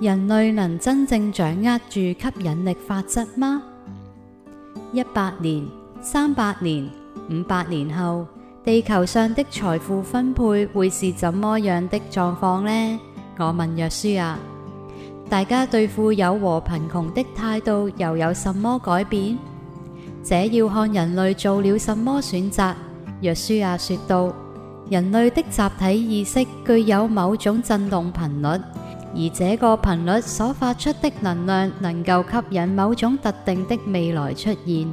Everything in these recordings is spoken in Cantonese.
人類能真正掌握住吸引力法則嗎？一百年、三百年、五百年後，地球上的財富分配會是怎麼樣的狀況呢？我問約書亞，大家對富有和貧窮的態度又有什麼改變？這要看人類做了什麼選擇。約書亞說道，人類的集體意識具有某種震動頻率。而這個頻率所發出的能量，能夠吸引某種特定的未來出現。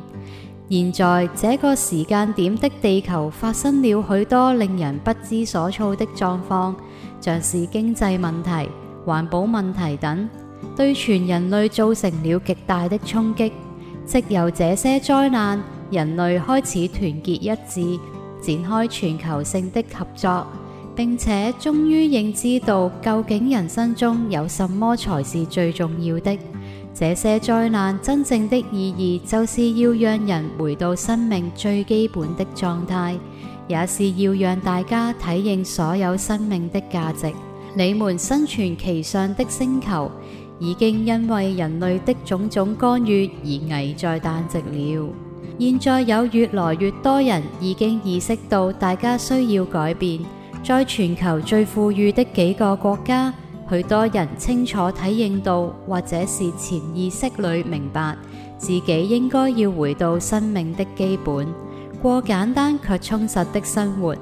現在這個時間點的地球發生了很多令人不知所措的狀況，像是經濟問題、環保問題等，對全人類造成了極大的衝擊。藉由這些災難，人類開始團結一致，展開全球性的合作。並且終於認知到究竟人生中有什麼才是最重要的。這些災難真正的意義就是要讓人回到生命最基本的狀態，也是要讓大家體驗所有生命的價值。你們生存其上的星球已經因為人類的種種干預而危在旦夕了。現在有越來越多人已經意識到大家需要改變。在全球最富裕的幾個國家，許多人清楚體認到，或者是潛意識裏明白，自己應該要回到生命的基本，過簡單卻充實的生活，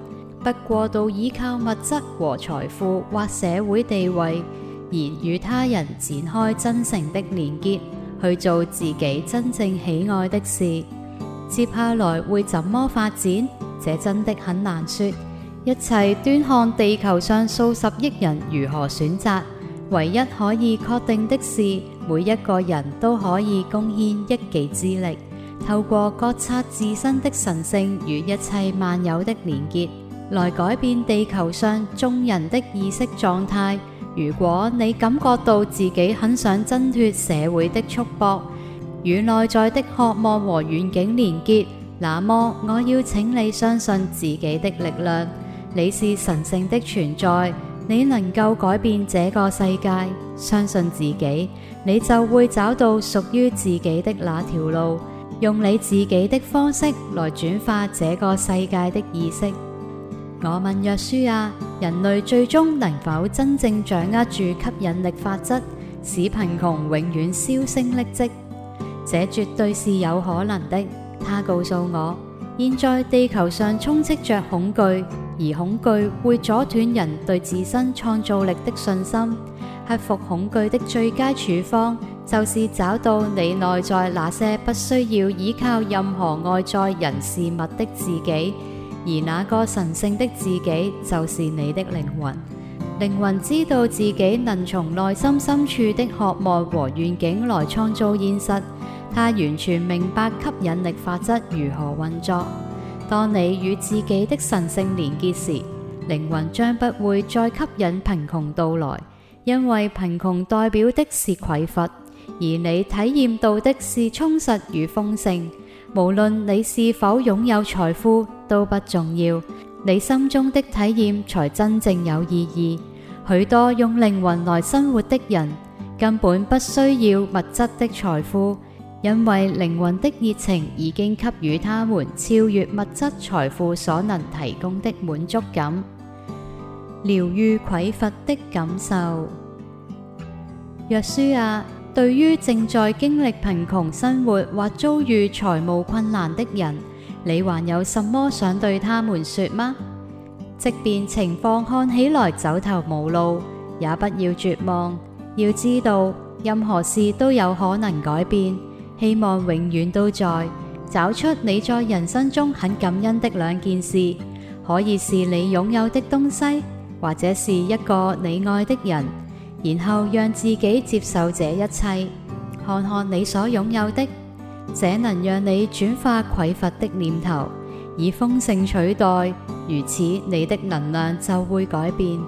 不過度依靠物質和財富或社會地位，而與他人展開真誠的連結，去做自己真正喜愛的事。接下來會怎麼發展？這真的很難說。一切端看地球上數十億人如何選擇，唯一可以確定的是，每一個人都可以貢獻一己之力，透過覺察自身的神聖與一切萬有的連結，來改變地球上眾人的意識狀態。如果你感覺到自己很想掙脫社會的束縛，與內在的渴望和遠景連結，那麼我要請你相信自己的力量。你是神聖的存在，你能夠改變這個世界。相信自己，你就會找到屬於自己的那條路，用你自己的方式來轉化這個世界的意識。我問約書亞，人類最終能否真正掌握住吸引力法則，使貧窮永遠銷聲匿跡？這絕對是有可能的。他告訴我，現在地球上充斥着恐懼。而恐懼會阻斷人對自身創造力的信心。克服恐懼的最佳處方，就是找到你內在那些不需要依靠任何外在人事物的自己。而那個神聖的自己，就是你的靈魂。靈魂知道自己能從內心深處的渴望和願景來創造現實。他完全明白吸引力法則如何運作。當你與自己的神性連結時，靈魂將不會再吸引貧窮到來，因為貧窮代表的是匱乏，而你體驗到的是充實與豐盛。無論你是否擁有財富都不重要，你心中的體驗才真正有意義。許多用靈魂來生活的人，根本不需要物質的財富。因為靈魂的熱情已經給予他們超越物質財富所能提供的滿足感，療愈匱乏的感受。約書亞，對於正在經歷貧窮生活或遭遇財務困難的人，你還有什麼想對他們說嗎？即便情況看起來走投無路，也不要絕望。要知道，任何事都有可能改變。希望永遠都在。找出你在人生中很感恩的兩件事，可以是你擁有的東西，或者是一個你愛的人。然後讓自己接受這一切，看看你所擁有的，這能讓你轉化匱乏的念頭，以豐盛取代。如此，你的能量就會改變，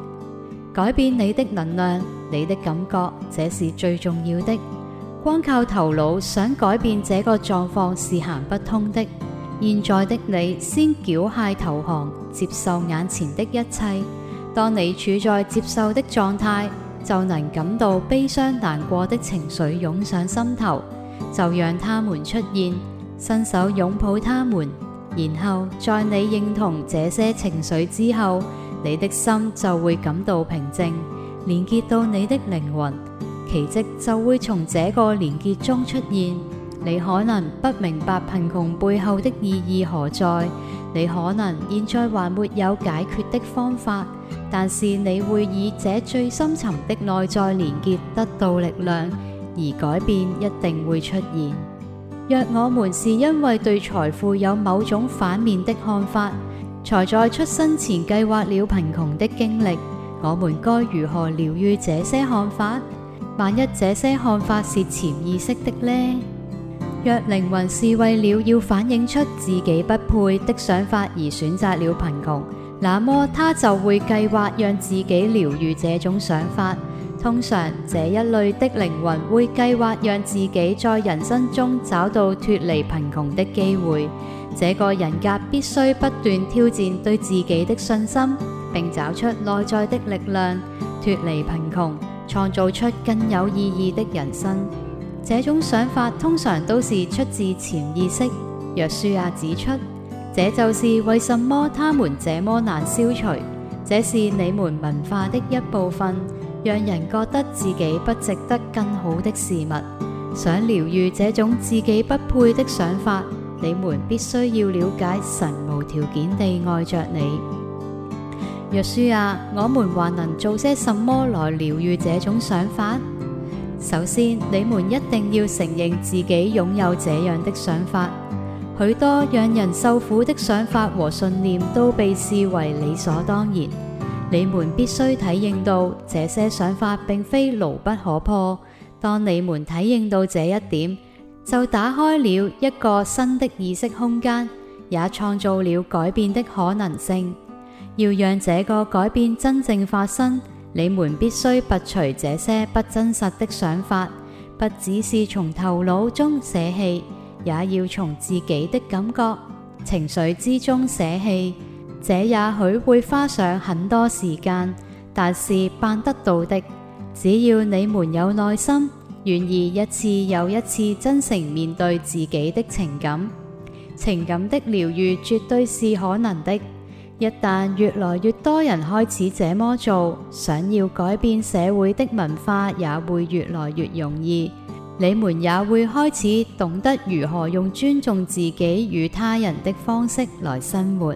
改變你的能量，你的感覺，這是最重要的。光靠頭腦想改變這個狀況是行不通的。現在的你先繳械投降，接受眼前的一切。當你處在接受的狀態，就能感到悲傷難過的情緒湧上心頭，就讓他們出現，伸手擁抱他們。然後在你認同這些情緒之後，你的心就會感到平靜，連結到你的靈魂。奇蹟就會從這個連結中出現。你可能不明白貧窮背後的意義何在，你可能現在還沒有解決的方法，但是你會以這最深沉的內在連結得到力量，而改變一定會出現。若我們是因為對財富有某種反面的看法，才在出生前計劃了貧窮的經歷，我們該如何療癒這些看法？萬一這些看法是潛意識的呢？若靈魂是為了要反映出自己不配的想法而選擇了貧窮，那麼他就會計劃讓自己療愈這種想法。通常，這一類的靈魂會計劃讓自己在人生中找到脫離貧窮的機會。這個人格必須不斷挑戰對自己的信心，並找出內在的力量脫離貧窮。創造出更有意義的人生，這種想法通常都是出自潛意識。若書亞指出，這就是為什麼他們這麼難消除。這是你們文化的一部分，讓人覺得自己不值得更好的事物。想療愈這種自己不配的想法，你們必須要了解神無條件地愛着你。若書啊，我們還能做些什麼來療癒這種想法？首先，你們一定要承認自己擁有這樣的想法。許多讓人受苦的想法和信念都被視為理所當然。你們必須體認到這些想法並非牢不可破。當你們體認到這一點，就打開了一個新的意識空間，也創造了改變的可能性。要讓這個改變真正發生，你們必須拔除這些不真實的想法，不只是從頭腦中捨棄，也要從自己的感覺、情緒之中捨棄。這也許會花上很多時間，但是辦得到的，只要你們有耐心，願意一次又一次真誠面對自己的情感，情感的療癒絕對是可能的。一旦越來越多人開始這麼做，想要改變社會的文化也會越來越容易。你們也會開始懂得如何用尊重自己與他人的方式來生活。